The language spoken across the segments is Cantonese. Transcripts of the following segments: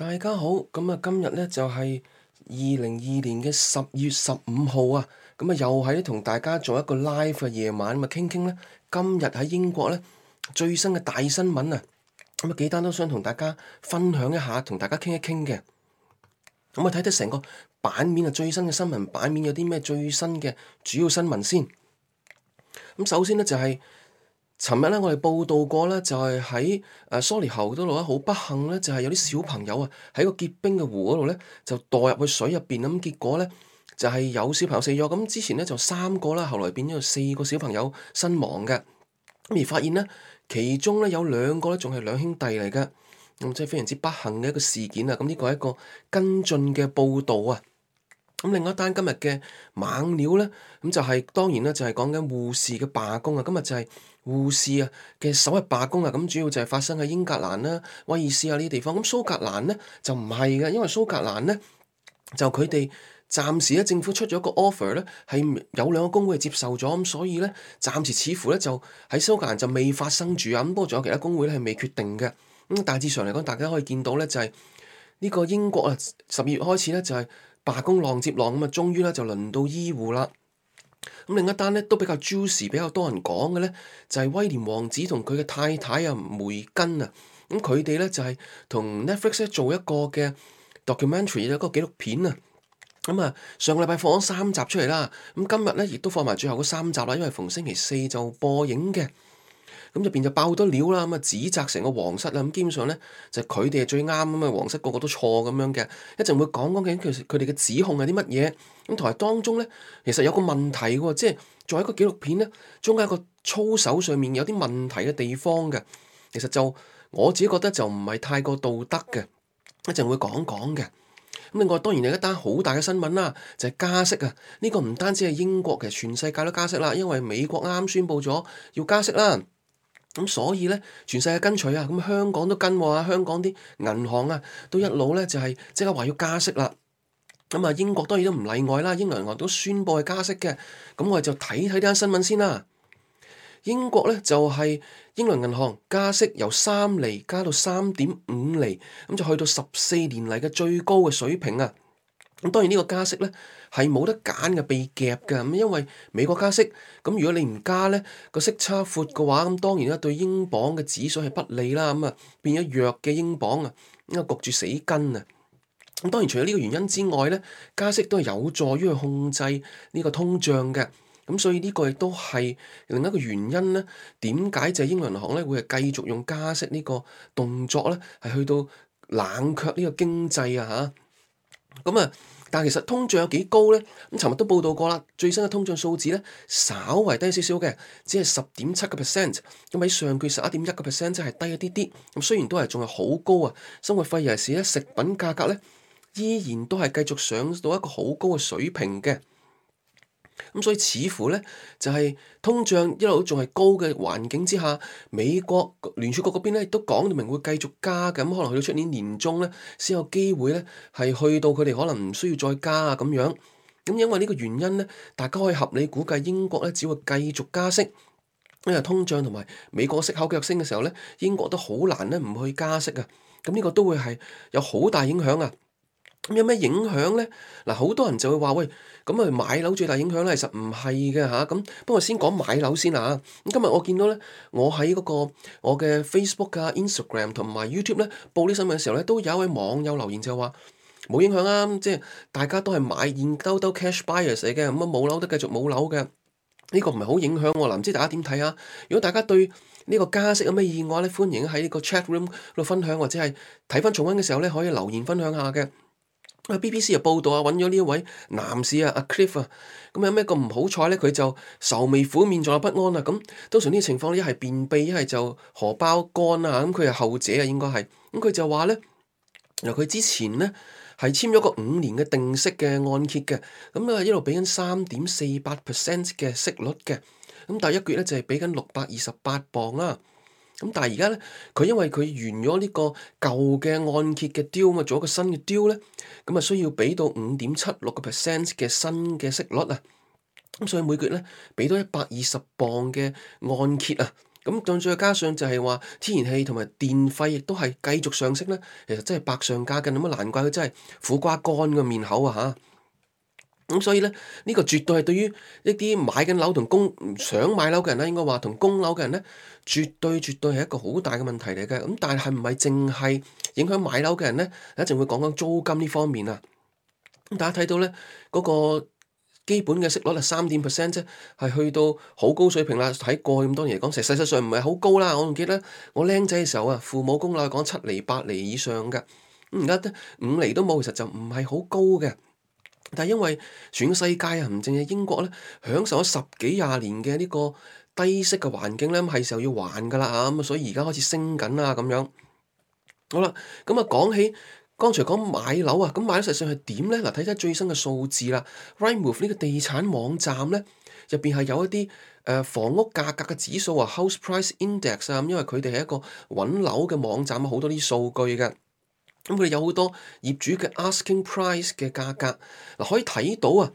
大家好，咁啊今日咧就係二零二二年嘅十月十五號啊，咁啊又係同大家做一個 live 嘅夜晚，咁啊傾傾咧，今日喺英國咧最新嘅大新聞啊，咁啊幾單都想同大家分享一下，同大家傾一傾嘅。咁啊睇睇成個版面啊，最新嘅新聞版面有啲咩最新嘅主要新聞先。咁首先咧就係、是。尋日咧，我哋報道過咧，就係喺誒蘇黎侯嗰度咧，好不幸咧，就係有啲小朋友啊喺個結冰嘅湖嗰度咧就墮入去水入邊咁，結果咧就係有小朋友死咗咁。之前咧就三個啦，後來變咗四個小朋友身亡嘅咁，而發現咧其中咧有兩個咧仲係兩兄弟嚟嘅咁，真係非常之不幸嘅一個事件啊！咁呢個係一個跟進嘅報道啊。咁另外一單今日嘅猛料咧，咁就係當然啦，就係講緊護士嘅罷工啊！今日就係護士啊嘅首日罷工啊！咁主要就係發生喺英格蘭啦、威爾斯啊呢啲地方。咁蘇格蘭咧就唔係嘅，因為蘇格蘭咧就佢哋暫時咧政府出咗個 offer 咧係有兩個工會接受咗，咁所以咧暫時似乎咧就喺蘇格蘭就未發生住啊。咁不過仲有其他工會咧係未決定嘅。咁大致上嚟講，大家可以見到咧就係呢個英國啊十二月開始咧就係、是。罷工浪接浪咁啊，終於咧就輪到醫護啦。咁另一單咧都比較 juicy，比較多人講嘅咧就係、是、威廉王子同佢嘅太太啊梅根啊。咁佢哋咧就係、是、同 Netflix 做一個嘅 documentary，一個紀錄片啊。咁、嗯、啊，上個禮拜放咗三集出嚟啦。咁、嗯、今日咧亦都放埋最後嗰三集啦，因為逢星期四就播映嘅。咁入邊就爆好多料啦，咁啊指責成個皇室啦，咁基本上咧就佢哋係最啱，咁啊皇室個個都錯咁樣嘅，一陣會講講嘅，其實佢哋嘅指控係啲乜嘢？咁同埋當中咧，其實有個問題喎，即係作為一個紀錄片咧，中間一個操守上面有啲問題嘅地方嘅，其實就我自己覺得就唔係太過道德嘅，一陣會講講嘅。咁另外當然有一單好大嘅新聞啦，就係、是、加息啊！呢、這個唔單止係英國嘅，其實全世界都加息啦，因為美國啱啱宣布咗要加息啦。咁所以咧，全世界跟隨啊，咁香港都跟喎、啊，香港啲銀行啊，都一路咧就係即刻話要加息啦。咁、嗯、啊，英國當然都唔例外啦，英倫銀行都宣佈係加息嘅。咁我哋就睇睇單新聞先啦。英國咧就係、是、英倫銀行加息由三厘加到三點五厘，咁就去到十四年嚟嘅最高嘅水平啊！咁當然呢個加息咧係冇得揀嘅，被夾嘅咁，因為美國加息，咁如果你唔加咧，個息差闊嘅話，咁當然啦對英鎊嘅指數係不利啦，咁啊變咗弱嘅英鎊啊，咁啊焗住死根啊！咁當然除咗呢個原因之外咧，加息都係有助於去控制呢個通脹嘅，咁所以呢個亦都係另一個原因咧，點解就係英倫銀行咧會係繼續用加息呢個動作咧，係去到冷卻呢個經濟啊嚇。咁啊，但其實通脹有幾高咧？咁尋日都報道過啦，最新嘅通脹數字咧，稍微低少少嘅，只係十點七個 percent。咁喺上個月十一點一個 percent，即係低一啲啲。咁雖然都係仲係好高啊，生活費又是咧，食品價格咧依然都係繼續上到一個好高嘅水平嘅。咁、嗯、所以似乎咧，就係、是、通脹一路仲係高嘅環境之下，美國聯儲局嗰邊咧都講到明會繼續加，咁、嗯、可能去到出年年中咧先有機會咧係去到佢哋可能唔需要再加啊咁樣。咁、嗯、因為呢個原因咧，大家可以合理估計英國咧只會繼續加息，因為通脹同埋美國息口急升嘅時候咧，英國都好難咧唔去加息啊。咁、嗯、呢、這個都會係有好大影響啊！有咩影響咧？嗱、啊，好多人就會話喂，咁啊買樓最大影響咧，其實唔係嘅嚇。咁、啊、不過先講買樓先啊。咁今日我見到咧，我喺嗰、那個我嘅 Facebook 啊、Instagram 同、啊、埋 YouTube 咧報呢新聞嘅時候咧，都有一位網友留言就話冇影響啊。即係大家都係買現兜兜 cash buyers 嚟嘅，咁啊冇樓都繼續冇樓嘅。呢、這個唔係好影響喎、啊。嗱、啊，唔知大家點睇啊？如果大家對呢個加息有咩意外嘅咧，歡迎喺呢個 chat room 度分享，或者係睇翻重温嘅時候咧，可以留言分享下嘅。啊！B B C 又報道啊，揾咗呢一位男士啊，阿 Cliff 啊，咁有咩咁唔好彩呢？佢就愁眉苦面，仲有不安啊。咁通常呢啲情況咧，一係便秘，一係就荷包乾啊。咁佢係後者啊，應該係。咁佢就話呢，由佢之前呢，係簽咗個五年嘅定息嘅按揭嘅，咁啊一路俾緊三點四八 percent 嘅息率嘅，咁第一個月呢，就係俾緊六百二十八磅啦。咁但係而家咧，佢因為佢完咗呢個舊嘅按揭嘅 deal 嘛，做一個新嘅 deal 咧，咁啊需要俾到五點七六個 percent 嘅新嘅息率啊，咁所以每個月咧俾多一百二十磅嘅按揭啊，咁當再加上就係話，天然氣同埋電費亦都係繼續上升咧，其實真係百上加斤。咁啊難怪佢真係苦瓜乾個面口啊嚇！咁所以咧，呢個絕對係對於一啲買緊樓同供想買樓嘅人咧，應該話同供樓嘅人咧，絕對絕對係一個好大嘅問題嚟嘅。咁但係唔係淨係影響買樓嘅人咧？一定會講講租金呢方面啊。咁大家睇到咧，嗰個基本嘅息率啊，三點五 percent 啫，係去到好高水平啦。喺過去咁多年嚟講，實事實上唔係好高啦。我仲記得我僆仔嘅時候啊，父母供樓係講七厘八厘以上嘅。咁而家都五厘都冇，其實就唔係好高嘅。但係因為全世界啊，唔淨係英國咧，享受咗十幾廿年嘅呢個低息嘅環境咧，咁、嗯、係時候要還噶啦啊！咁、嗯、所以而家開始升緊啦，咁樣好啦。咁、嗯、啊，講起剛才講買樓啊，咁、嗯、買樓實際上係點咧？嗱，睇睇最新嘅數字啦。Rightmove 呢個地產網站咧，入邊係有一啲誒、呃、房屋價格嘅指數啊，House Price Index 啊、嗯，咁因為佢哋係一個揾樓嘅網站，啊，好多啲數據嘅。咁佢哋有好多業主嘅 asking price 嘅價格，嗱，可以睇到啊，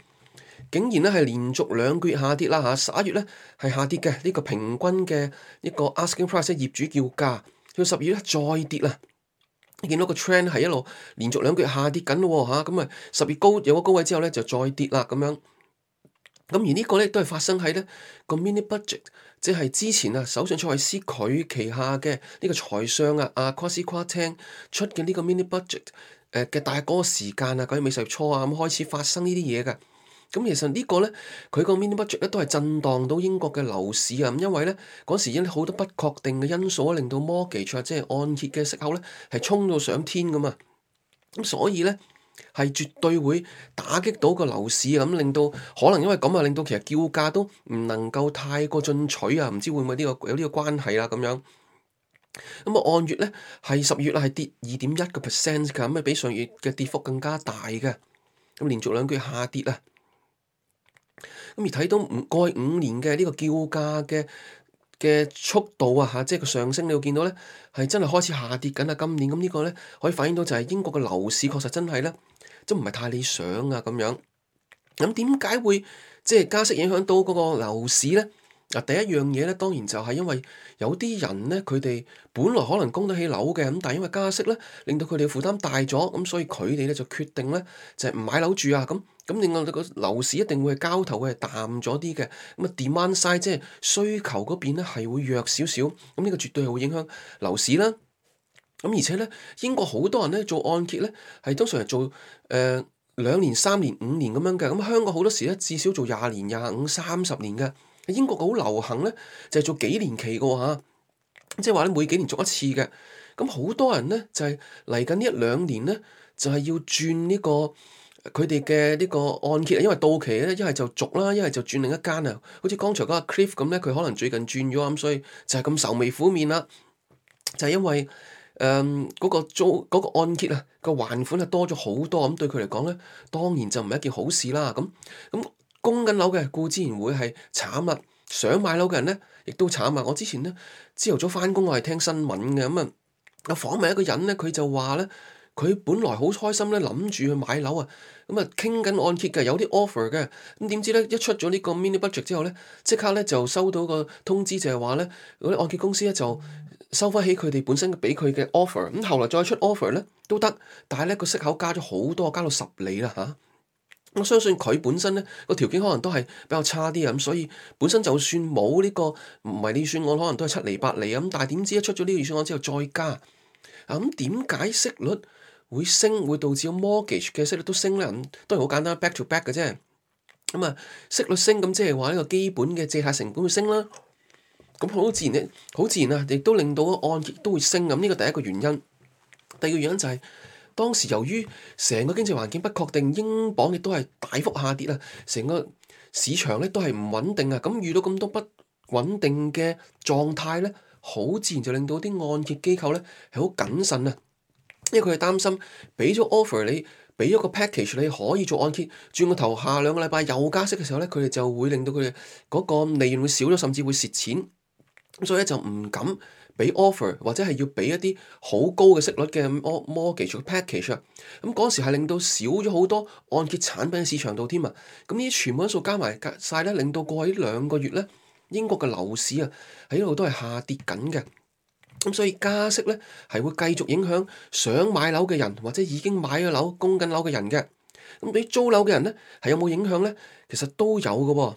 竟然咧係連續兩個月下跌啦嚇！十一月咧係下跌嘅，呢個平均嘅一個 asking price 咧，業主叫價，到十二月咧再跌啦，見到個 trend 係一路連續兩個月下跌緊喎吓，咁啊十二月高有個高位之後咧就再跌啦咁樣。咁而個呢個咧都係發生喺咧個 mini budget，即係之前啊首相卓慧思佢旗下嘅呢個財相啊 Kwasi Kwarteng 出嘅呢個 mini budget，誒、呃、嘅大概時間啊，九月尾十月初啊咁、嗯、開始發生呢啲嘢噶。咁、嗯、其實個呢個咧佢個 mini budget 咧都係震盪到英國嘅樓市啊，因為咧嗰時有好多不確定嘅因素啊，令到 mortgage、啊、即係按揭嘅息口咧係衝到上天㗎嘛。咁所以咧。係絕對會打擊到個樓市，咁令到可能因為咁啊，令到其實叫價都唔能夠太過進取啊，唔知會唔會呢個有呢個關係啦咁樣。咁啊，按月咧係十月啦，係跌二點一個 percent 噶，咁啊比上月嘅跌幅更加大嘅，咁連續兩個月下跌啊。咁而睇到過去五年嘅呢個叫價嘅。嘅速度啊，吓，即係個上升，你會見到咧，係真係開始下跌緊啊。今年咁呢個咧，可以反映到就係英國嘅樓市確實真係咧，都唔係太理想啊咁樣。咁點解會即係加息影響到嗰個樓市咧？啊，第一樣嘢咧，當然就係因為有啲人咧，佢哋本來可能供得起樓嘅，咁但係因為加息咧，令到佢哋嘅負擔大咗，咁所以佢哋咧就決定咧就係唔買樓住啊咁。咁另外你個樓市一定會係交投係淡咗啲嘅，咁啊 demand side 即係需求嗰邊咧係會弱少少，咁呢個絕對係會影響樓市啦。咁而且咧，英國好多人咧做按揭咧，係通常係做誒兩年、三年、五年咁樣嘅。咁香港好多時咧，至少做廿年、廿五、三十年嘅。英國好流行咧，就係做幾年期嘅喎嚇，即係話咧每幾年續一次嘅。咁好多人咧就係嚟緊呢一兩年咧，就係要轉呢個。佢哋嘅呢個按揭因為到期咧，一係就續啦，一係就轉另一間啊。好似剛才嗰個 Cliff 咁咧，佢可能最近轉咗咁，所以就係咁愁眉苦面啦。就係因為誒嗰個租嗰個按揭啊，個還款啊多咗好多咁，對佢嚟講咧，當然就唔係一件好事啦。咁咁供緊樓嘅，固自然會係慘啊。想買樓嘅人咧，亦都慘啊。我之前咧朝頭早翻工，我係聽新聞嘅咁啊，訪問一個人咧，佢就話咧。佢本來好開心咧，諗住去買樓啊，咁啊傾緊按揭嘅，有啲 offer 嘅，咁點知咧一出咗呢個 mini budget 之後咧，即刻咧就收到個通知就係話咧，嗰啲按揭公司咧就收翻起佢哋本身俾佢嘅 offer，咁後來再出 offer 咧都得，但係咧個息口加咗好多，加到十厘啦吓。我相信佢本身咧個條件可能都係比較差啲啊，咁所以本身就算冇呢、這個唔係呢預算案，可能都係七厘八厘啊，咁但係點知一出咗呢預算案之後再加，咁點解息率？會升會導致個 mortgage 嘅息率都升啦，當然好簡單，back to back 嘅啫。咁、嗯、啊，息率升咁即係話呢個基本嘅借貸成本會升啦。咁好自然好自然啊，亦都令到個按揭都會升。咁呢個第一個原因。第二個原因就係、是、當時由於成個經濟環境不確定，英鎊亦都係大幅下跌啊，成個市場咧都係唔穩定啊。咁遇到咁多不穩定嘅狀態咧，好自然就令到啲按揭機構咧係好謹慎啊。因為佢哋擔心俾咗 offer 你，俾咗個 package 你可以做按揭，轉個頭下兩個禮拜又加息嘅時候咧，佢哋就會令到佢哋嗰個利潤會少咗，甚至會蝕錢。咁所以咧就唔敢俾 offer，或者係要俾一啲好高嘅息率嘅 mortgage package 啊。咁嗰時係令到少咗好多按揭產品喺市場度添啊。咁呢啲全部因素加埋晒咧，令到過去呢兩個月咧，英國嘅樓市啊喺度都係下跌緊嘅。咁所以加息咧，係會繼續影響想買樓嘅人，或者已經買咗樓供緊樓嘅人嘅。咁對於租樓嘅人咧，係有冇影響咧？其實都有嘅、哦。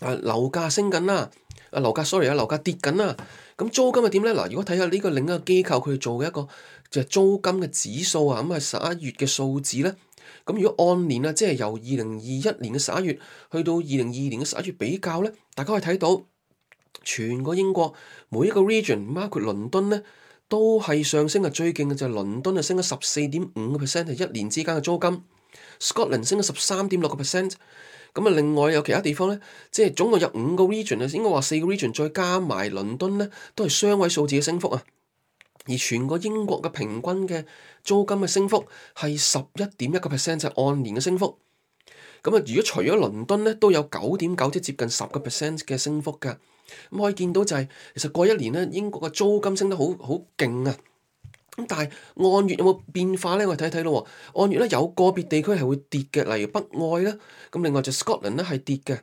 啊，樓價升緊啦、啊，啊樓價，sorry 啊，樓價, sorry, 樓價跌緊啦、啊。咁、嗯、租金係點咧？嗱，如果睇下呢個另一個機構佢做嘅一個就係、是、租金嘅指數啊，咁係十一月嘅數字咧，咁、嗯、如果按年啊，即係由二零二一年嘅十一月去到二零二二年嘅十一月比較咧，大家可以睇到。全個英國每一個 region，包括倫敦咧，都係上升嘅。最勁嘅就係倫敦啊，升咗十四點五個 percent，係一年之間嘅租金。Scotland 升咗十三點六個 percent，咁啊，另外有其他地方咧，即係總共有五個 region 啊，應該話四個 region 再加埋倫敦咧，都係雙位數字嘅升幅啊。而全個英國嘅平均嘅租金嘅升幅係十一點一個 percent，就係按年嘅升幅。咁啊，如果除咗倫敦咧，都有九點九，即接近十個 percent 嘅升幅噶。咁、嗯、可以見到就係、是，其實過一年咧，英國嘅租金升得好好勁啊！咁但係按月有冇變化咧？我哋睇睇咯。按月咧，有個別地區係會跌嘅，例如北愛啦。咁另外就 Scotland 咧係跌嘅。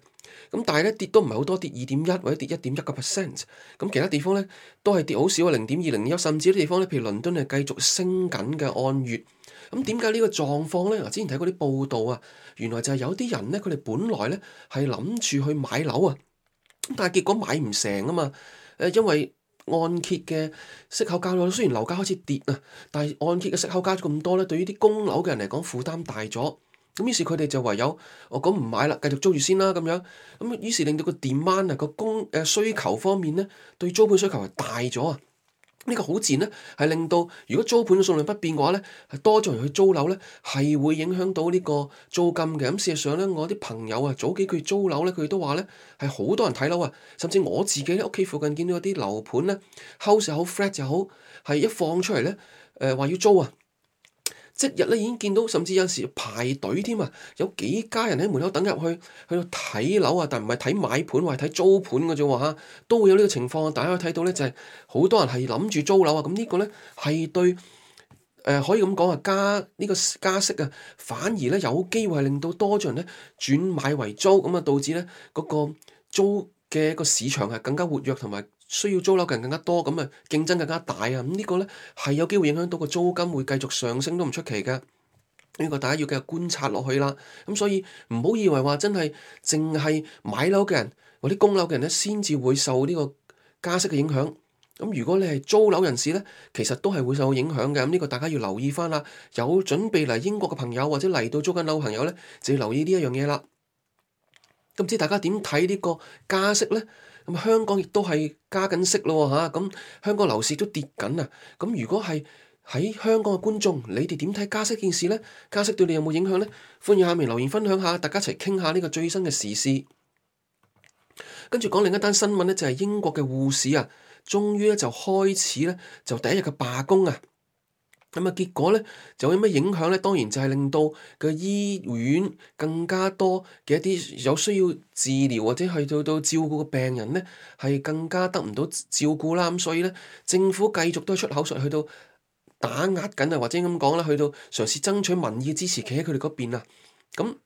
咁但係咧跌都唔係好多，跌二點一或者跌一點一個 percent。咁其他地方咧都係跌好少，啊，零點二、零一，甚至啲地方咧，譬如倫敦係繼續升緊嘅，按月。咁點解呢個狀況咧？之前睇過啲報道啊，原來就係有啲人咧，佢哋本來咧係諗住去買樓啊。但係結果買唔成啊嘛，誒因為按揭嘅息口加咗，雖然樓價開始跌啊，但係按揭嘅息口加咗咁多咧，對於啲供樓嘅人嚟講負擔大咗，咁於是佢哋就唯有哦咁唔買啦，繼續租住先啦咁樣，咁於是令到個電掹啊個供誒、呃、需求方面咧，對租盤需求係大咗啊。呢個好賤咧，係令到如果租盤嘅數量不變嘅話咧，係多咗人去租樓咧，係會影響到呢個租金嘅。咁、嗯、事實上咧，我啲朋友啊，早幾個月租樓咧，佢都話咧係好多人睇樓啊，甚至我自己咧屋企附近見到啲樓盤咧，house 又好 flat 又好，係一放出嚟咧，誒、呃、話要租啊！即日咧已經見到，甚至有時排隊添啊！有幾家人喺門口等入去，去到睇樓啊，但唔係睇買盤，係睇租盤嘅啫喎，吓都會有呢個情況。大家可以睇到咧，就係好多人係諗住租樓啊。咁呢個咧係對，誒可以咁講啊，加呢個加息啊，反而咧有機會令到多咗人咧轉買為租，咁啊導致咧嗰個租嘅個市場係更加活躍同埋，需要租樓嘅人更加多，咁啊競爭更加大啊！咁、這個、呢個咧係有機會影響到個租金會繼續上升都唔出奇㗎。呢、這個大家要繼續觀察落去啦。咁、嗯、所以唔好以為話真係淨係買樓嘅人或者供樓嘅人咧先至會受呢個加息嘅影響。咁、嗯、如果你係租樓人士咧，其實都係會受到影響嘅。咁、這、呢個大家要留意翻啦。有準備嚟英國嘅朋友或者嚟到租緊樓朋友咧，就要留意呢一樣嘢啦。咁、嗯、唔知大家點睇呢個加息咧？咁香港亦都係加緊息咯嚇，咁香港樓市都跌緊啊！咁如果係喺香港嘅觀眾，你哋點睇加息件事呢？加息對你有冇影響呢？歡迎下面留言分享下，大家一齊傾下呢個最新嘅時事。跟住講另一單新聞呢，就係英國嘅護士啊，終於咧就開始咧就第一日嘅罷工啊！咁啊，結果咧就有咩影響咧？當然就係令到個醫院更加多嘅一啲有需要治療或者去到到照顧嘅病人咧，係更加得唔到照顧啦。咁所以咧，政府繼續都係出口術去到打壓緊啊，或者咁講啦，去到嘗試爭取民意嘅支持，企喺佢哋嗰邊啊。咁、嗯、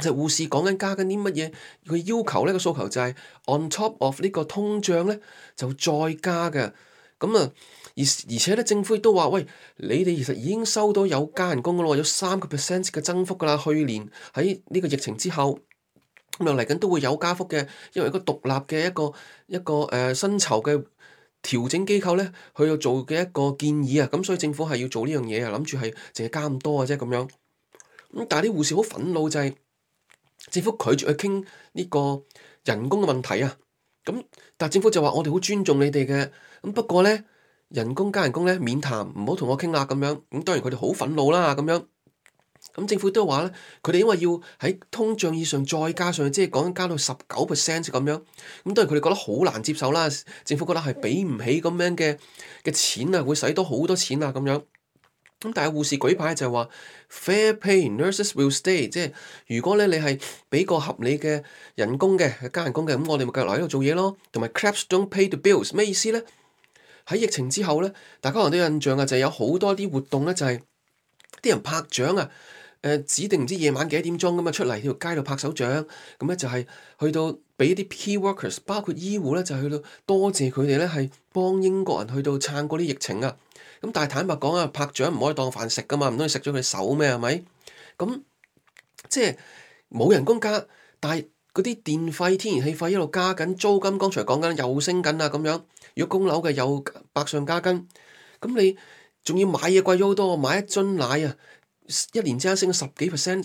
就係、護士講緊加緊啲乜嘢？佢要求呢、呢個訴求就係、是、on top of 呢個通脹咧，就再加嘅。咁、嗯、啊～而而且咧，政府都話：喂，你哋其實已經收到有加人工嘅啦，有三個 percent 嘅增幅噶啦。去年喺呢個疫情之後，咁又嚟緊都會有加幅嘅，因為一個獨立嘅一個一個誒薪酬嘅調整機構咧，佢又做嘅一個建議啊。咁所以政府係要做呢樣嘢啊，諗住係淨係加咁多啊啫咁樣。咁但係啲護士好憤怒、就係，就係政府拒絕去傾呢個人工嘅問題啊。咁但係政府就話：我哋好尊重你哋嘅，咁不過咧。人工加人工咧，免談，唔好同我傾啦咁樣。咁當然佢哋好憤怒啦咁樣。咁、嗯、政府都話咧，佢哋因為要喺通脹以上再加上，即係講緊加到十九 percent 咁樣。咁、嗯、當然佢哋覺得好難接受啦。政府覺得係俾唔起咁樣嘅嘅錢啊，會使多好多錢啊咁樣。咁但係護士舉牌就係話 fair pay nurses will stay，即係如果咧你係俾個合理嘅人工嘅加人工嘅，咁、嗯、我哋咪繼續留喺度做嘢咯。同埋 claps don't pay the bills，咩意思咧？喺疫情之後咧，大家可能都有印象啊，就係、是、有好多啲活動咧，就係、是、啲人拍掌啊，誒、呃、指定唔知夜晚幾點鐘咁啊出嚟喺條街度拍手掌，咁、嗯、咧就係、是、去到俾啲 key workers，包括醫護咧，就是、去到多謝佢哋咧，係幫英國人去到撐過啲疫情啊。咁、嗯、但係坦白講啊，拍掌唔可以當飯食噶嘛，唔通你食咗佢手咩？係咪？咁、嗯、即係冇人工加，但係嗰啲電費、天然氣費一路加緊，租金剛才講緊又升緊啊，咁樣。如果供樓嘅有百上加斤，咁你仲要買嘢貴咗好多，買一樽奶啊，一年之間升咗十幾 percent，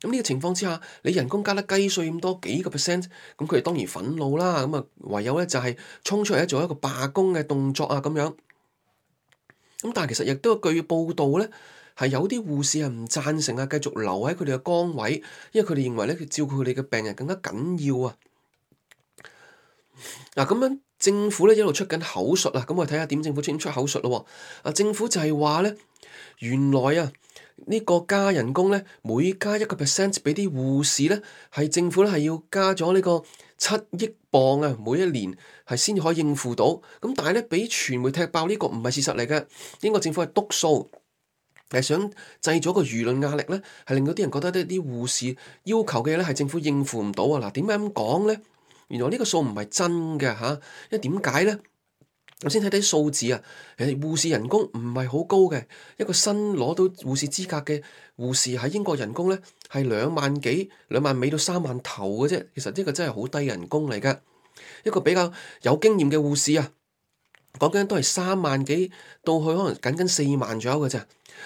咁呢個情況之下，你人工加得雞碎咁多幾個 percent，咁佢哋當然憤怒啦，咁啊唯有咧就係、是、衝出嚟做一個罷工嘅動作啊，咁樣。咁但係其實亦都有據報道咧，係有啲護士係唔贊成啊，繼續留喺佢哋嘅崗位，因為佢哋認為咧佢照顧佢哋嘅病人更加緊要啊。嗱、啊、咁樣。政府咧一路出緊口術啊，咁我睇下點政府出出口術咯。啊，政府就係話咧，原來啊呢個加人工咧，每加一個 percent，俾啲護士咧，係政府咧係要加咗呢個七億鎊啊，每一年係先至可以應付到。咁但係咧，俾傳媒踢爆呢個唔係事實嚟嘅，英國政府係篤數，係想製造個輿論壓力咧，係令到啲人覺得咧啲護士要求嘅嘢咧係政府應付唔到啊。嗱，點解咁講咧？原來呢個數唔係真嘅吓，因為點解咧？我先睇睇數字啊，誒，護士人工唔係好高嘅，一個新攞到護士資格嘅護士喺英國人工咧係兩萬幾、兩萬尾到三萬頭嘅啫。其實呢個真係好低人工嚟㗎，一個比較有經驗嘅護士啊，講緊都係三萬幾到去可能僅僅四萬左右嘅啫。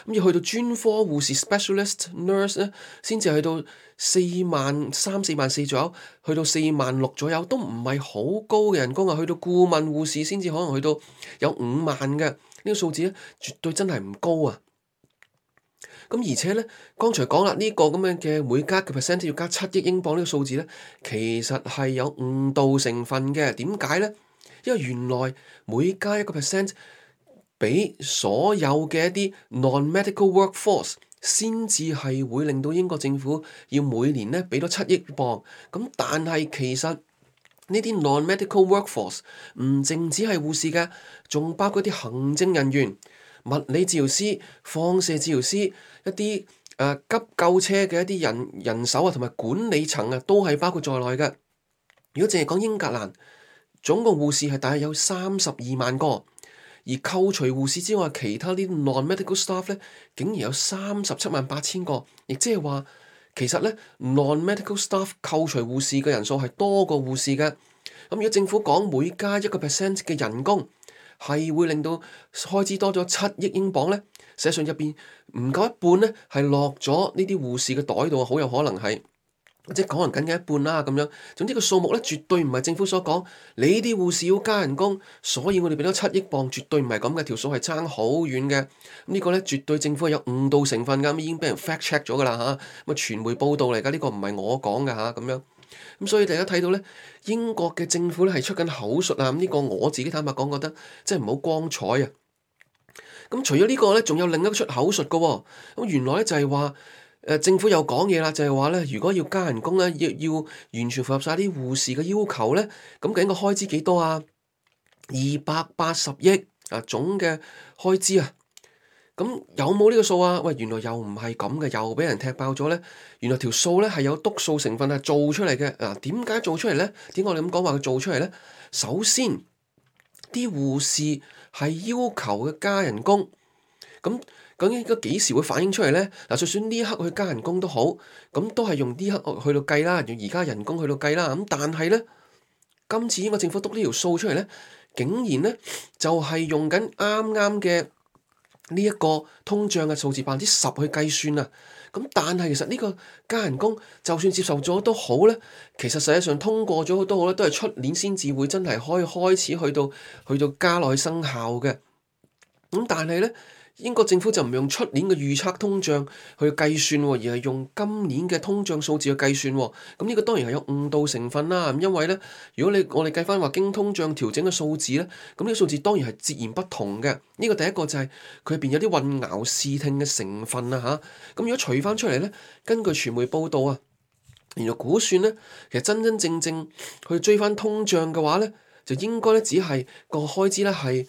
咁要去到專科護士 specialist nurse 咧，先至去到四萬三四萬四左右，去到四萬六左右，都唔係好高嘅人工啊！去到顧問護士先至可能去到有五萬嘅呢個數字咧，絕對真係唔高啊！咁而且咧，剛才講啦，呢個咁樣嘅每加嘅 percent 要加七億英鎊呢個數字咧，其實係有誤導成分嘅。點解咧？因為原來每加一個 percent，俾所有嘅一啲 non-medical workforce 先至係會令到英國政府要每年咧俾多七億磅。咁但係其實呢啲 non-medical workforce 唔淨止係護士嘅，仲包括啲行政人員、物理治療師、放射治療師一啲、呃、急救車嘅一啲人人手啊，同埋管理層啊，都係包括在內嘅。如果淨係講英格蘭，總共護士係大約有三十二萬個。而扣除護士之外，其他啲 non-medical staff 咧，竟然有三十七萬八千個，亦即係話，其實咧 non-medical staff 扣除護士嘅人數係多過護士嘅。咁、嗯、如果政府講每加一個 percent 嘅人工，係會令到開支多咗七億英鎊咧，寫信入邊唔夠一半咧，係落咗呢啲護士嘅袋度，好有可能係。即係講緊緊嘅一半啦，咁樣。總、這、之個數目咧，絕對唔係政府所講。你啲護士要加人工，所以我哋俾咗七億鎊，絕對唔係咁嘅條數，係差好遠嘅。這個、呢個咧，絕對政府係有誤導成分㗎，已經俾人 fact check 咗㗎啦吓，咁啊，傳媒報道嚟㗎，呢、這個唔係我講嘅吓，咁、啊、樣。咁、嗯、所以大家睇到咧，英國嘅政府咧係出緊口述啊，咁、這、呢個我自己坦白講，覺得真係唔好光彩啊。咁、嗯、除咗呢個咧，仲有另一個出口述嘅。咁、嗯、原來咧就係、是、話。誒、呃，政府又講嘢啦，就係話咧，如果要加人工咧，要要完全符合晒啲護士嘅要求咧，咁究竟個開支幾多啊？二百八十億啊，總嘅開支啊，咁、啊、有冇呢個數啊？喂，原來又唔係咁嘅，又俾人踢爆咗咧。原來條數咧係有篤數成分係，做出嚟嘅嗱，點解做出嚟咧？點解我哋咁講話佢做出嚟咧？首先，啲護士係要求嘅加人工，咁、啊。究竟應該幾時會反映出嚟咧？嗱，就算呢一刻去加人工都好，咁都係用呢刻去到計啦，用而家人工去到計啦。咁但係咧，今次因為政府篤呢條數出嚟咧，竟然咧就係用緊啱啱嘅呢一個通脹嘅數字百分之十去計算啊！咁但係其實呢個加人工就算接受咗都好咧，其實實際上通過咗都好咧，都係出年先至會真係可以開始去到去到加內生效嘅。咁但係咧。英國政府就唔用出年嘅預測通脹去計算，而係用今年嘅通脹數字去計算。咁、這、呢個當然係有誤導成分啦。因為呢，如果你我哋計翻話經通脹調整嘅數字呢，咁、這、呢個數字當然係截然不同嘅。呢、這個第一個就係佢入邊有啲混淆視聽嘅成分啦。吓咁如果除翻出嚟呢，根據傳媒報道啊，原來估算呢，其實真真正正去追翻通脹嘅話呢，就應該呢，只係個開支呢係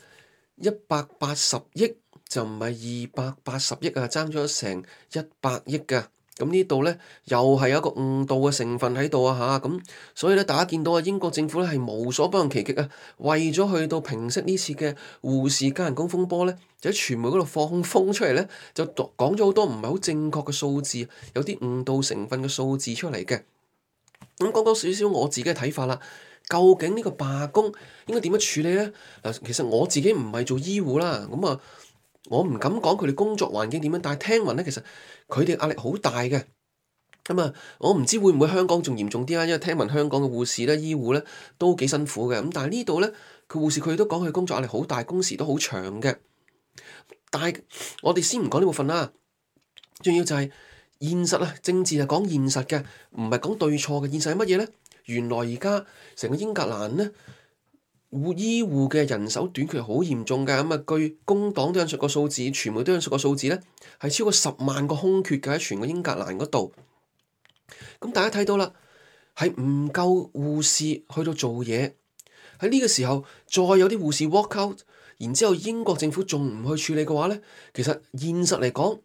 一百八十億。就唔係二百八十億啊，爭咗成一百億噶，咁呢度咧，又係有一個誤導嘅成分喺度啊吓，咁所以咧大家見到啊英國政府咧，係無所不用其極啊，為咗去到平息呢次嘅護士加人工風波咧，就喺傳媒嗰度放風出嚟，咧，就講咗好多唔係好正確嘅數字，有啲誤導成分嘅數字出嚟嘅。咁講講少少我自己嘅睇法啦，究竟呢個罷工應該點樣處理咧？嗱，其實我自己唔係做醫護啦，咁、嗯、啊。我唔敢講佢哋工作環境點樣，但係聽聞咧，其實佢哋壓力好大嘅。咁啊，我唔知會唔會香港仲嚴重啲啊？因為聽聞香港嘅護士咧、醫護咧都幾辛苦嘅。咁但係呢度咧，佢護士佢都講佢工作壓力好大，工時都好長嘅。但係我哋先唔講呢部分啦。仲要就係現實啊，政治係講現實嘅，唔係講對錯嘅。現實係乜嘢咧？原來而家成個英格蘭咧。護醫護嘅人手短缺好嚴重㗎，咁啊據工黨都有述過數字，傳媒都有述過數字咧，係超過十萬個空缺嘅喺全個英格蘭嗰度。咁、嗯、大家睇到啦，係唔夠護士去到做嘢，喺呢個時候再有啲護士 walk out，然之後英國政府仲唔去處理嘅話咧，其實現實嚟講。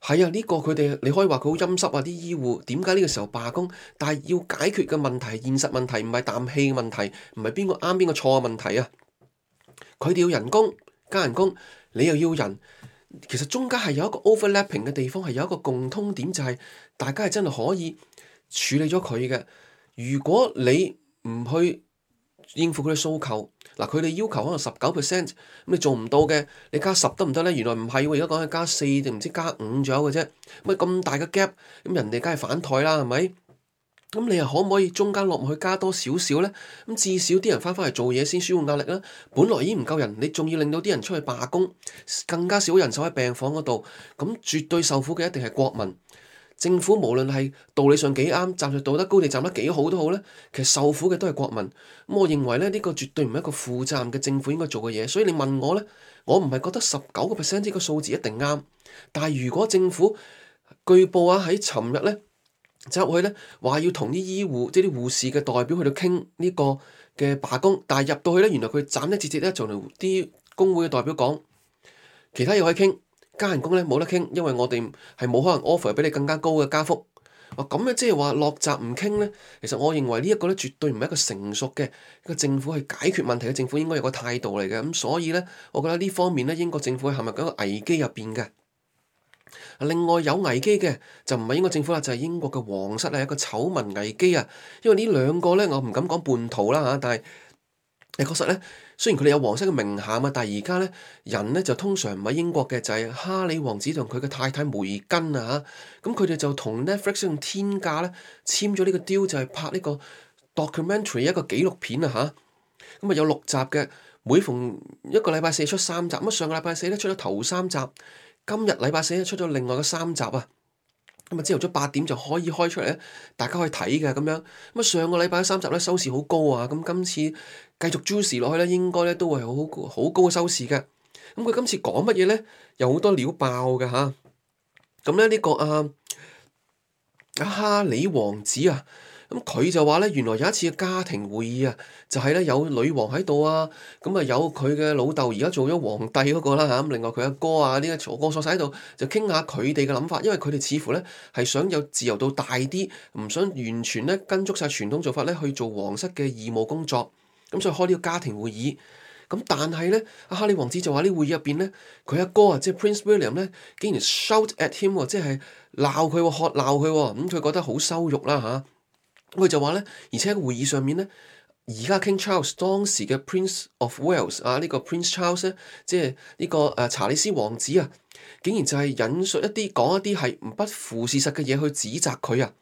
係啊，呢個佢哋你可以話佢好陰濕啊！啲醫護點解呢個時候罷工？但係要解決嘅問題係現實問題，唔係啖氣嘅問題，唔係邊個啱邊個錯嘅問題啊！佢哋要人工加人工，你又要人，其實中間係有一個 overlapping 嘅地方，係有一個共通點，就係大家係真係可以處理咗佢嘅。如果你唔去。應付佢嘅訴求，嗱，佢哋要求可能十九 percent，咁你做唔到嘅，你加十得唔得咧？原來唔係喎，而家講係加四定唔知加五咗嘅啫，乜咁大嘅 gap，咁人哋梗係反台啦，係咪？咁你又可唔可以中間落去加多少少咧？咁至少啲人翻返嚟做嘢先舒緩壓力啦。本來已經唔夠人，你仲要令到啲人出去罷工，更加少人守喺病房嗰度，咁絕對受苦嘅一定係國民。政府無論係道理上幾啱，站在道德高地站得幾好都好咧，其實受苦嘅都係國民。咁我認為咧，呢、呢個絕對唔係一個負責任嘅政府應該做嘅嘢。所以你問我咧，我唔係覺得十九個 percent 呢個數字一定啱。但係如果政府據報啊，喺尋日咧，走入去咧，話要同啲醫護，即係啲護士嘅代表去到傾呢個嘅罷工，但係入到去咧，原來佢斬一節節咧，就同啲工會嘅代表講其他嘢可以傾。加人工咧冇得傾，因為我哋係冇可能 offer 俾你更加高嘅加幅。咁咧即係話落閘唔傾咧，其實我認為呢一個咧絕對唔係一個成熟嘅一個政府去解決問題嘅政府應該有個態度嚟嘅。咁所以咧，我覺得呢方面咧英國政府係陷入緊個危機入邊嘅。另外有危機嘅就唔係英國政府啦，就係、係、英國嘅皇室啊，一個醜聞危機啊。因為呢兩個咧，我唔敢講叛徒啦嚇，但係誒確實咧。雖然佢哋有皇室嘅名下啊嘛，但係而家咧人咧就通常唔喺英國嘅就係、是、哈利王子同佢嘅太太梅根啊嚇，咁佢哋就同 Netflix 用天價咧簽咗呢個 deal 就係拍呢個 documentary 一個紀錄片啊吓，咁、嗯、啊有六集嘅，每逢一個禮拜四出三集，咁上個禮拜四咧出咗頭三集，今日禮拜四咧出咗另外嘅三集啊。咁啊，朝頭早八點就可以開出嚟咧，大家可以睇嘅咁樣。咁啊，上個禮拜三集咧收視好高啊，咁今次繼續 juicy 落去咧，應該咧都會好好高嘅收視嘅。咁佢今次講乜嘢咧？有好多料爆嘅嚇。咁咧呢個啊啊哈利王子啊！咁佢、嗯、就話咧，原來有一次嘅家庭會議啊，就係、是、咧有女王喺度啊，咁啊有佢嘅老豆而家做咗皇帝嗰、那個啦嚇，咁、嗯、另外佢阿哥啊呢個我個傻仔喺度就傾下佢哋嘅諗法，因為佢哋似乎咧係想有自由度大啲，唔想完全咧跟足晒傳統做法咧去做皇室嘅義務工作，咁所以開呢個家庭會議。咁但係咧，阿哈利王子就話呢會議入邊咧，佢阿哥啊即係 Prince William 咧，竟然 shout at him 喎，即係鬧佢喎，嚇鬧佢喎，咁佢覺得好羞辱啦嚇。佢就話咧，而且喺會議上面咧，而家 King Charles 當時嘅 Prince of Wales 啊，呢個 Prince Charles 咧，即係呢個誒查理斯王子啊，竟然就係引述一啲講一啲係唔不符事實嘅嘢去指責佢啊，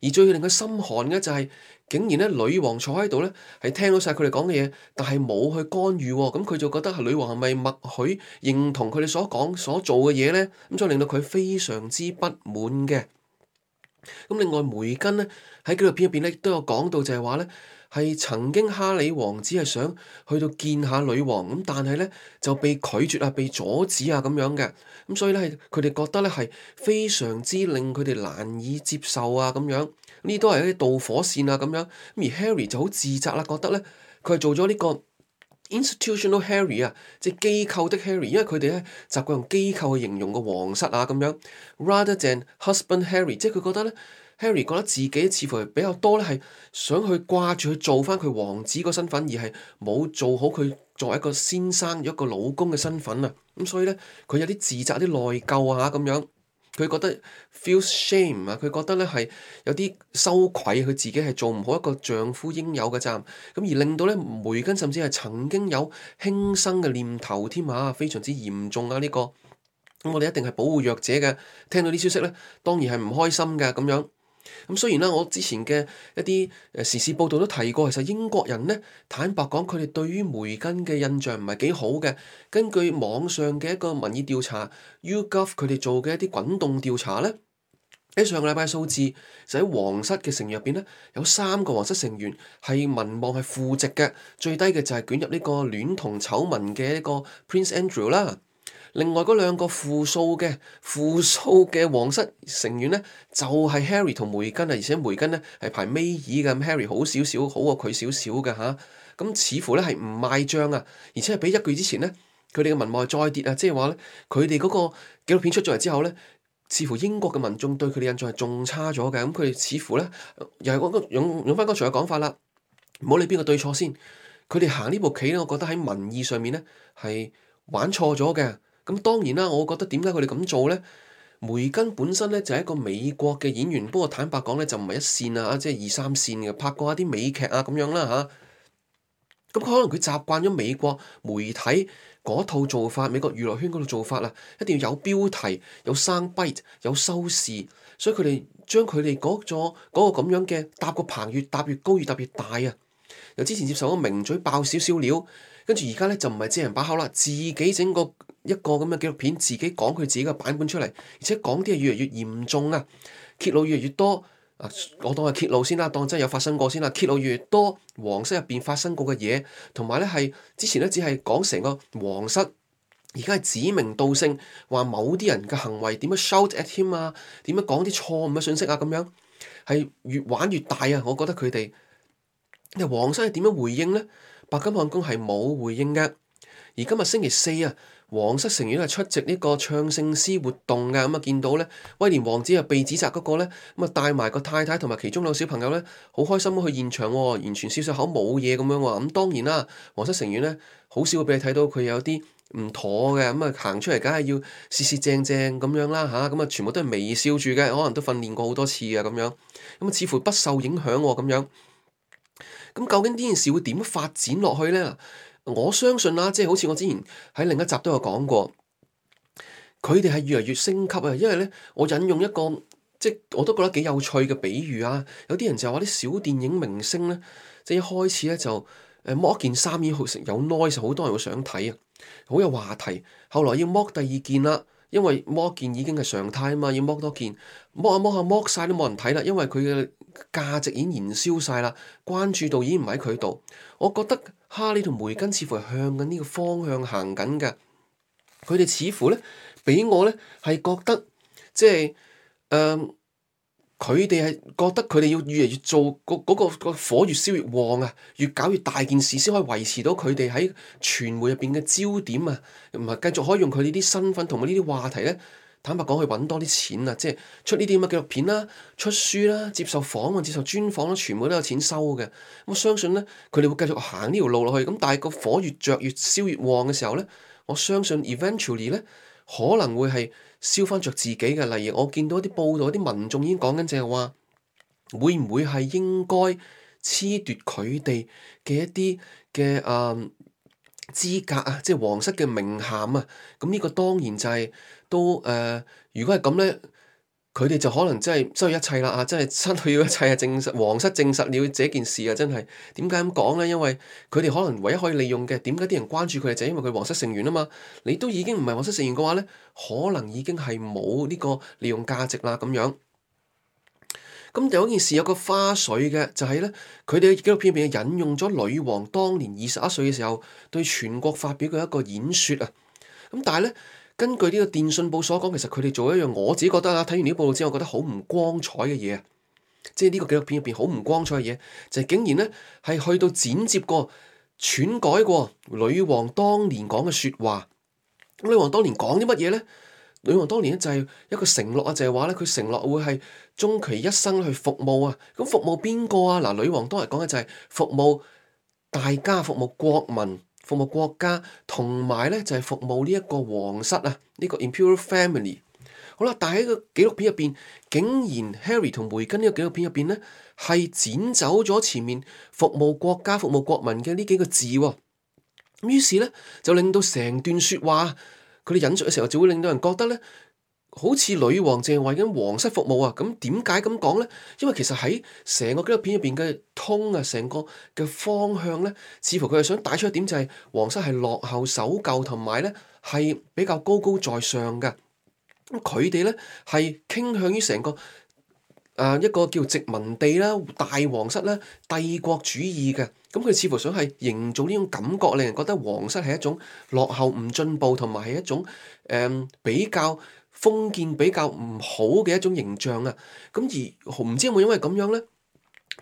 而最令佢心寒嘅就係、是，竟然咧女王坐喺度咧，係聽到曬佢哋講嘅嘢，但係冇去干預，咁佢就覺得係女王係咪默許認同佢哋所講所做嘅嘢咧？咁所以令到佢非常之不滿嘅。咁另外梅根咧喺紀錄片入邊咧，都有講到就係話咧，係曾經哈里王子係想去到見下女王，咁但係咧就被拒絕啊，被阻止啊咁樣嘅，咁所以咧佢哋覺得咧係非常之令佢哋難以接受啊咁樣，呢都係一啲導火線啊咁樣，咁而 Harry 就好自責啦，覺得咧佢係做咗呢個。institutional Harry 啊，即係機構的 Harry，因為佢哋咧習慣用機構去形容個皇室啊咁樣，rather than husband Harry，即係佢覺得咧 Harry 覺得自己似乎係比較多咧係想去掛住去做翻佢王子個身份，而係冇做好佢作為一個先生、一個老公嘅身份啊，咁所以咧佢有啲自責、啲內疚啊咁樣。佢覺得 feel shame 啊！佢覺得咧係有啲羞愧，佢自己係做唔好一個丈夫應有嘅責任，咁而令到咧梅根甚至係曾經有輕生嘅念頭添啊！非常之嚴重啊！呢個咁我哋一定係保護弱者嘅，聽到啲消息咧，當然係唔開心嘅咁樣。咁雖然啦，我之前嘅一啲誒時事報道都提過，其實英國人咧，坦白講，佢哋對於梅根嘅印象唔係幾好嘅。根據網上嘅一個民意調查，YouGov 佢哋做嘅一啲滾動調查咧，喺上個禮拜數字就喺皇室嘅成員入邊咧，有三個皇室成員係民望係負值嘅，最低嘅就係捲入呢個戀童醜聞嘅一個 Prince Andrew 啦。另外嗰兩個負數嘅負數嘅皇室成員咧，就係、是、Harry 同梅根啊，而且梅根咧係排尾二嘅，Harry 好少少，好過佢少少嘅吓，咁、啊嗯、似乎咧係唔賣帳啊，而且係比一個月之前咧，佢哋嘅民望再跌啊。即係話咧，佢哋嗰個紀錄片出咗嚟之後咧，似乎英國嘅民眾對佢哋印象係仲差咗嘅。咁佢哋似乎咧，又係我用用翻嗰條嘅講法啦，唔好理邊個對錯先，佢哋行呢步棋咧，我覺得喺民意上面咧係玩錯咗嘅。咁當然啦，我覺得點解佢哋咁做咧？梅根本身咧就係一個美國嘅演員，不過坦白講咧就唔係一線啊，即係二三線嘅，拍過一啲美劇啊咁樣啦吓，咁、啊嗯、可能佢習慣咗美國媒體嗰套做法，美國娛樂圈嗰套做法啦，一定要有標題，有 soundbite，有收視，所以佢哋將佢哋嗰座嗰個咁、那個、樣嘅搭個棚越搭越高越搭越大啊！由之前接受個名嘴爆少少料，跟住而家咧就唔係借人把口啦，自己整個一個咁嘅紀錄片，自己講佢自己嘅版本出嚟，而且講啲嘢越嚟越嚴重啊，揭露越嚟越多啊，我當係揭露先啦，當真有發生過先啦，揭露越多皇室入邊發生過嘅嘢，同埋咧係之前咧只係講成個皇室，而家係指名道姓話某啲人嘅行為點樣 shout at him 啊，點樣講啲錯誤嘅信息啊，咁樣係越玩越大啊，我覺得佢哋。王室係點樣回應咧？白金漢宮係冇回應嘅。而今日星期四啊，王室成員都係出席呢個唱聖詩活動嘅。咁啊，見到咧，威廉王子啊被指責嗰個咧，咁啊帶埋個太太同埋其中兩個小朋友咧，好開心去現場喎，哦，完全笑笑口冇嘢咁樣喎。咁當然啦，王室成員咧好少會俾你睇到佢有啲唔妥嘅。咁啊行出嚟，梗係要四四正正咁樣啦吓，咁啊全部都係微笑住嘅，可能都訓練過好多次啊咁樣。咁啊似乎不受影響咁，哦，樣。咁究竟呢件事會點發展落去呢？我相信啦，即係好似我之前喺另一集都有講過，佢哋係越嚟越升級啊！因為咧，我引用一個即係我都覺得幾有趣嘅比喻啊，有啲人就話啲小電影明星咧，即係一開始咧就誒剝一件衫已經好成有 noise，好多人會想睇啊，好有話題。後來要剝第二件啦。因為剝件已經係常態啊嘛，要剝多件，剝下剝下剝晒都冇人睇啦，因為佢嘅價值已經燃燒晒啦，關注度已經唔喺佢度。我覺得哈利同梅根似乎係向緊呢個方向行緊嘅，佢哋似乎咧俾我咧係覺得即係誒。呃佢哋係覺得佢哋要越嚟越做嗰嗰、嗰個火越燒越旺啊，越搞越大件事先可以維持到佢哋喺傳媒入邊嘅焦點啊，唔係繼續可以用佢哋啲身份同埋呢啲話題咧，坦白講去揾多啲錢啊，即係出呢啲咁嘅紀錄片啦、啊、出書啦、啊、接受訪問、接受專訪啦，全部都有錢收嘅。咁我相信咧，佢哋會繼續行呢條路落去。咁但係個火越着越燒越旺嘅時候咧，我相信 eventually 咧可能會係。燒翻着自己嘅，例如我見到啲報道，啲民眾已經講緊就係話，會唔會係應該褫奪佢哋嘅一啲嘅啊資格啊，即係皇室嘅名銜啊？咁、嗯、呢、這個當然就係、是、都誒、呃，如果係咁咧。佢哋就可能真係失去一切啦啊！真係失去一切啊！證實皇室證實了呢件事啊！真係點解咁講咧？因為佢哋可能唯一可以利用嘅，點解啲人關注佢就係因為佢係皇室成員啊嘛。你都已經唔係皇室成員嘅話咧，可能已經係冇呢個利用價值啦咁樣。咁有，有一件事，有個花絮嘅就係、是、咧，佢哋嘅紀錄片入邊引用咗女王當年二十一歲嘅時候對全國發表嘅一個演說啊。咁但係咧。根據呢個《電訊報》所講，其實佢哋做一樣我自己覺得啊，睇完呢個報道之後，我覺得好唔光彩嘅嘢啊！即係呢個紀錄片入邊好唔光彩嘅嘢，就係、是、竟然咧係去到剪接過、篡改過女王當年講嘅說話。咁女王當年講啲乜嘢咧？女王當年咧就係一個承諾啊，就係話咧佢承諾會係終其一生去服務啊。咁服務邊個啊？嗱，女王當日講嘅就係服務大家，服務國民。服務國家同埋咧就係服務呢一個皇室啊，呢個 imperial family。好啦，但喺個紀錄片入邊，竟然 Harry 同梅根呢個紀錄片入邊咧，係剪走咗前面服務國家、服務國民嘅呢幾個字喎、哦。於是咧就令到成段説話佢哋引述嘅時候，就會令到人覺得咧，好似女王淨係為緊皇室服務啊！咁點解咁講咧？因為其實喺成個紀錄片入邊嘅通啊，成個嘅方向咧，似乎佢係想帶出一點，就係皇室係落後守舊，同埋咧係比較高高在上嘅。咁佢哋咧係傾向於成個誒、呃、一個叫殖民地啦、大皇室啦、帝國主義嘅。咁、嗯、佢似乎想係營造呢種感覺，令人覺得皇室係一種落後、唔進步，同埋係一種誒、呃、比較。封建比較唔好嘅一種形象啊，咁而唔知有冇因為咁樣呢？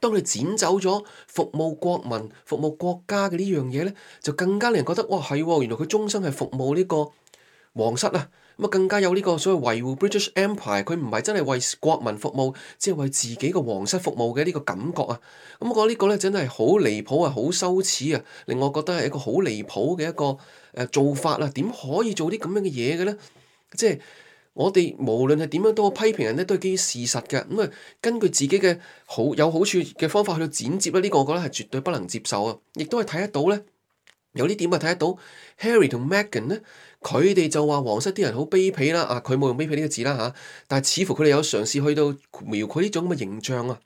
當佢剪走咗服務國民、服務國家嘅呢樣嘢呢，就更加令人覺得哇係、哦，原來佢終身係服務呢個皇室啊，咁啊更加有呢個所謂維護 British Empire，佢唔係真係為國民服務，即係為自己個皇室服務嘅呢個感覺啊，咁、嗯、我覺得呢個呢，真係好離譜啊，好羞恥啊，令我覺得係一個好離譜嘅一個誒做法啊，點可以做啲咁樣嘅嘢嘅呢？即係。我哋無論係點樣都好批評人咧，都係基於事實嘅。咁啊，根據自己嘅好有好處嘅方法去到剪接啦，呢個我覺得係絕對不能接受啊！亦都係睇得到，咧，有啲點啊睇得到 Harry 同 Megan 咧，佢哋就話皇室啲人好卑鄙啦。啊，佢冇用卑鄙呢個字啦吓，啊，但係似乎佢哋有嘗試去到描繪呢種咁嘅形象啊。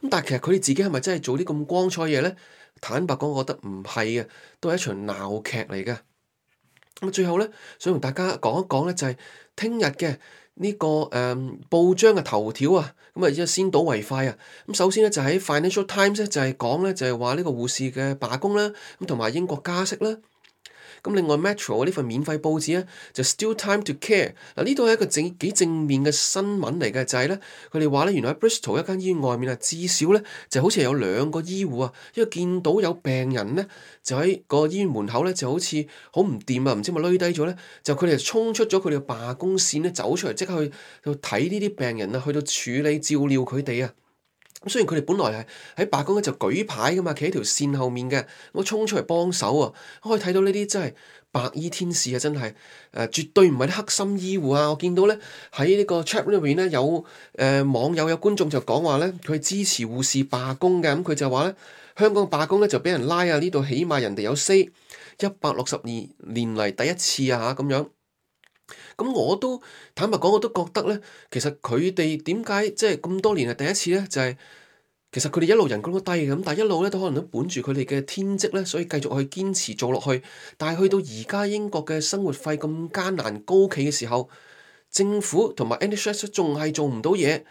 咁但係其實佢哋自己係咪真係做啲咁光彩嘢？咧？坦白講，我覺得唔係嘅，都係一場鬧劇嚟嘅。咁最後咧想同大家講一講咧就係、是。聽日嘅呢個誒、嗯、報章嘅頭條啊，咁啊即係先睹為快啊！咁首先咧就喺、是、Financial Times 咧就係講咧就係話呢個護士嘅罷工啦，咁同埋英國加息啦。咁另外 Metro 呢份免費報紙呢，就 Still Time to Care 嗱，呢度係一個正幾正面嘅新聞嚟嘅，就係呢，佢哋話呢，原來喺 Bristol 一間醫院外面啊，至少呢就好似有兩個醫護啊，因為見到有病人呢，就喺個醫院門口呢，就好似好唔掂啊，唔知咪攆低咗呢。就佢哋就衝出咗佢哋嘅罷工線呢，走出嚟即刻去睇呢啲病人啊，去到處理照料佢哋啊。咁雖然佢哋本來係喺罷工咧就舉牌噶嘛，企喺條線後面嘅，我衝出嚟幫手啊！可以睇到呢啲真係白衣天使啊，真係誒、呃，絕對唔係啲黑心醫護啊！我見到咧喺呢個 chat 入邊咧有誒、呃、網友有觀眾就講話咧，佢支持護士罷工嘅，咁、嗯、佢就話咧香港罷工咧就俾人拉啊！呢度起碼人哋有 say，一百六十二年嚟第一次啊嚇咁樣。咁我都坦白講，我都覺得咧，其實佢哋點解即係咁多年係第一次咧？就係、是、其實佢哋一路人工都低咁，但係一路咧都可能都本住佢哋嘅天職咧，所以繼續去堅持做落去。但係去到而家英國嘅生活費咁艱難高企嘅時候，政府同埋 NHS 仲係做唔到嘢，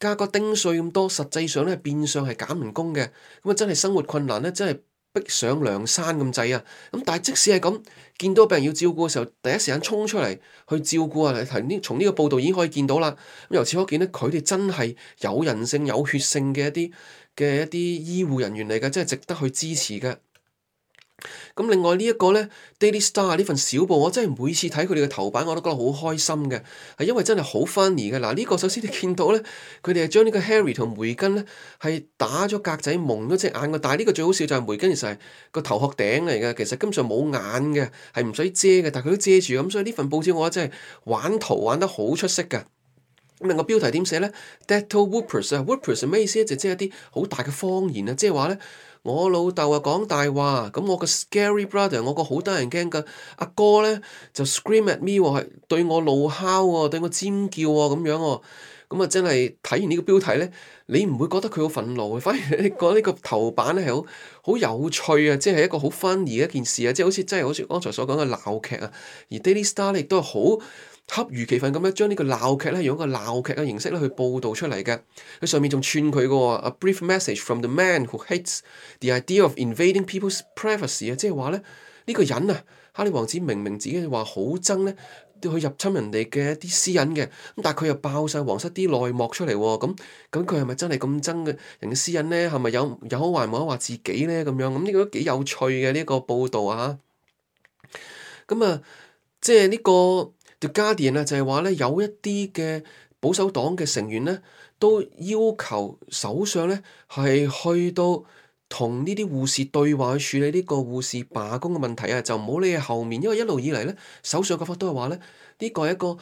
加個丁稅咁多，實際上咧變相係減人工嘅。咁啊，真係生活困難咧，真係。逼上梁山咁滯啊！咁但係即使係咁，見到病人要照顧嘅時候，第一時間衝出嚟去照顧啊！嚟睇呢，從呢個報道已經可以見到啦。咁由此可見咧，佢哋真係有人性、有血性嘅一啲嘅一啲醫護人員嚟嘅，真係值得去支持嘅。咁另外、這個、呢一個咧，Daily Star 呢份小報，我真係每次睇佢哋嘅頭版，我都覺得好開心嘅，係因為真係好 funny 嘅。嗱，呢、這個首先你見到咧，佢哋係將呢個 Harry 同梅根咧，係打咗格仔，蒙咗隻眼。個但係呢個最好笑就係梅根其實係個頭殼頂嚟嘅，其實根本上冇眼嘅，係唔使遮嘅，但係佢都遮住咁、嗯。所以呢份報紙我真係玩圖玩得好出色嘅。咁另外標題點寫咧？That to Whoppers 啊，Whoppers 咩意思咧？就即係一啲好大嘅謊言啊，即係話咧。我老豆啊講大話，咁我個 scary brother，我個好得人驚嘅阿哥咧，就 scream at me 喎，係對我怒吼喎，對我尖叫喎咁樣喎，咁啊真係睇完呢個標題咧，你唔會覺得佢好憤怒，反而你覺得呢個頭版咧係好好有趣啊，即係一個好 funny 嘅一件事啊，即係好似真係好似剛才所講嘅鬧劇啊，而 Daily Star 亦都係好恰如其分咁樣，將呢個鬧劇咧，用一個鬧劇嘅形式咧去報導出嚟嘅。佢上面仲串佢嘅啊。A brief message from the man who hates the idea of invading people's privacy 即係話咧呢、呢個人啊，哈利王子明明自己話好憎咧，去入侵人哋嘅一啲私隱嘅，咁但係佢又爆晒王室啲內幕出嚟喎。咁咁佢係咪真係咁憎嘅人嘅私隱咧？係咪有有好話冇話自己咧？咁樣咁呢、嗯呢個都幾有趣嘅呢、呢個報導啊。咁啊，即係呢個。The Guardian 啦，就係話咧，有一啲嘅保守黨嘅成員咧，都要求首相咧係去到同呢啲護士對話，去處理呢個護士罷工嘅問題啊，就唔好理佢後面，因為一路以嚟咧，首相嘅法都係話咧，呢個係一個。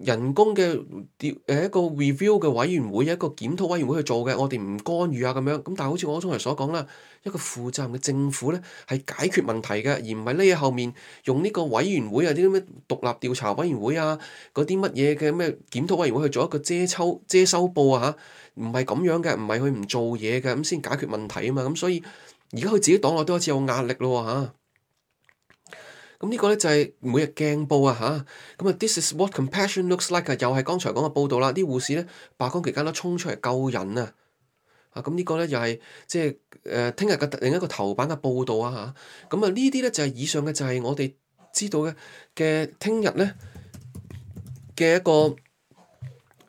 人工嘅調誒一個 review 嘅委員會，一個檢討委員會去做嘅，我哋唔干預啊咁樣。咁但係好似我啱啱所講啦，一個負責任嘅政府咧係解決問題嘅，而唔係匿喺後面用呢個委員會啊、啲咩獨立調查委員會啊、嗰啲乜嘢嘅咩檢討委員會去做一個遮羞遮羞布啊嚇，唔係咁樣嘅，唔係佢唔做嘢嘅咁先解決問題啊嘛。咁、啊、所以而家佢自己黨內都開始有壓力咯嚇。咁呢個咧就係每日鏡報啊！嚇，咁啊，This is what compassion looks like 啊！又係剛才講嘅報道啦，啲護士咧，罷工期間都衝出嚟救人啊！啊，咁、這個、呢個咧又係即係誒聽日嘅另一個頭版嘅報道啊！嚇、啊，咁啊呢啲咧就係、是、以上嘅，就係、是、我哋知道嘅嘅聽日咧嘅一個誒、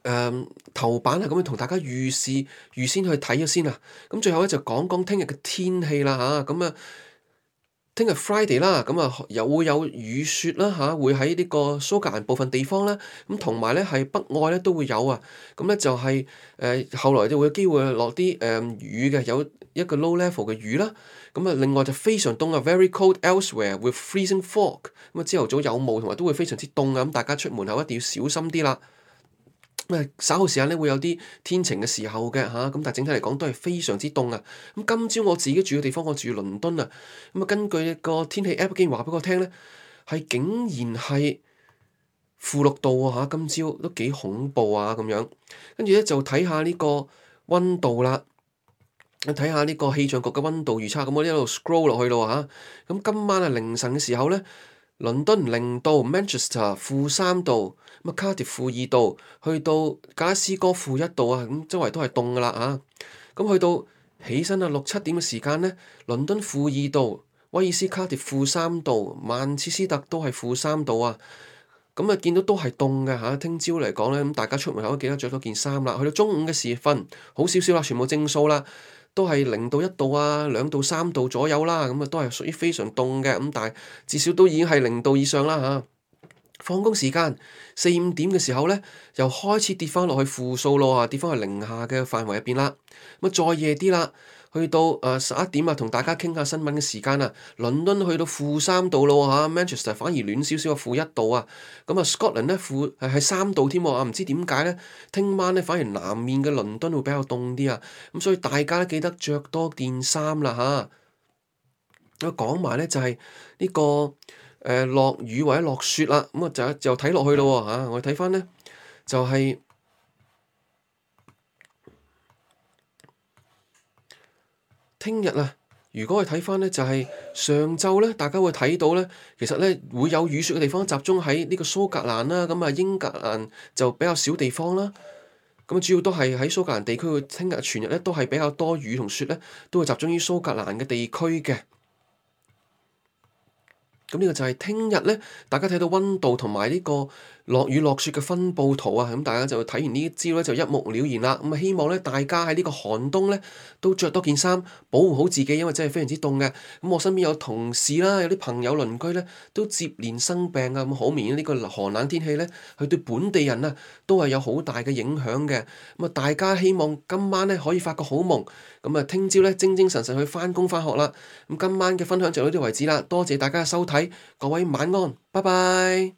呃、頭版係咁樣同大家預示預先去睇咗先啊！咁最後咧就講講聽日嘅天氣啦！嚇，咁啊～啊聽日 Friday 啦，咁啊又會有雨雪啦嚇、啊，會喺呢個蘇格蘭部分地方啦，咁同埋咧喺北愛咧都會有啊，咁咧就係、是、誒、呃、後來就會有機會落啲誒雨嘅，有一個 low level 嘅雨啦，咁啊另外就非常凍啊，very cold elsewhere with freezing fog，咁啊朝頭早有霧同埋都會非常之凍啊，咁大家出門口一定要小心啲啦。啊稍後時間咧會有啲天晴嘅時候嘅嚇，咁但係整體嚟講都係非常之凍啊！咁今朝我自己住嘅地方，我住倫敦啊，咁啊，根據一個天氣 app 機話俾我聽咧，係竟然係負六度啊！嚇，今朝都幾恐怖啊咁樣。跟住咧就睇下呢個溫度啦，睇下呢個氣象局嘅溫度預測。咁我呢度 scroll 落去咯嚇，咁今晚啊凌晨嘅時候咧。倫敦零度，Manchester 負三度，咁啊卡迪負二度，去到加斯哥負一度啊，咁周圍都係凍噶啦嚇。咁去到起身啊六七點嘅時間咧，倫敦負二度，威爾斯卡迪負三度，曼徹斯特都係負三度啊。咁啊見到都係凍嘅吓，聽朝嚟講咧，咁大家出門口都記得着多件衫啦。去到中午嘅時分，好少少啦，全部正數啦。都係零度一度啊，兩到三度左右啦，咁啊都係屬於非常凍嘅，咁但係至少都已經係零度以上啦吓。放工時間四五點嘅時候咧，又開始跌翻落去負數咯啊，跌翻去零下嘅範圍入邊啦。咁啊再夜啲啦。去到啊十一點啊，同大家傾下新聞嘅時間啊。倫敦去到負三度咯嚇、啊，Manchester 反而暖少少啊負一度啊。咁啊 Scotland 咧負係、啊、三度添喎，唔、啊、知點解呢？聽晚呢，反而南面嘅倫敦會比較凍啲啊。咁所以大家記得著多件衫啦嚇。咁、啊啊、講埋呢，就係、是、呢、這個誒落、呃、雨或者落雪啦。咁啊，啊就就睇落去咯嚇、啊。我睇翻呢，就係、是。聽日啊，如果我睇翻咧，就係上晝咧，大家會睇到咧，其實咧會有雨雪嘅地方集中喺呢個蘇格蘭啦，咁啊英格蘭就比較少地方啦。咁啊主要都係喺蘇格蘭地區，聽日全日咧都係比較多雨同雪咧，都會集中於蘇格蘭嘅地區嘅。咁呢個就係聽日咧，大家睇到溫度同埋呢個落雨落雪嘅分布圖啊，咁大家就睇完呢啲招咧，就一目了然啦。咁啊，希望咧大家喺呢個寒冬咧都着多件衫，保護好自己，因為真係非常之凍嘅。咁我身邊有同事啦，有啲朋友鄰居咧都接連生病啊。咁好明顯呢個寒冷天氣咧，佢對本地人啊都係有好大嘅影響嘅。咁啊，大家希望今晚咧可以發個好夢，咁啊聽朝咧精精神神去翻工翻學啦。咁今晚嘅分享就到呢度為止啦，多謝大家收睇，各位晚安，拜拜。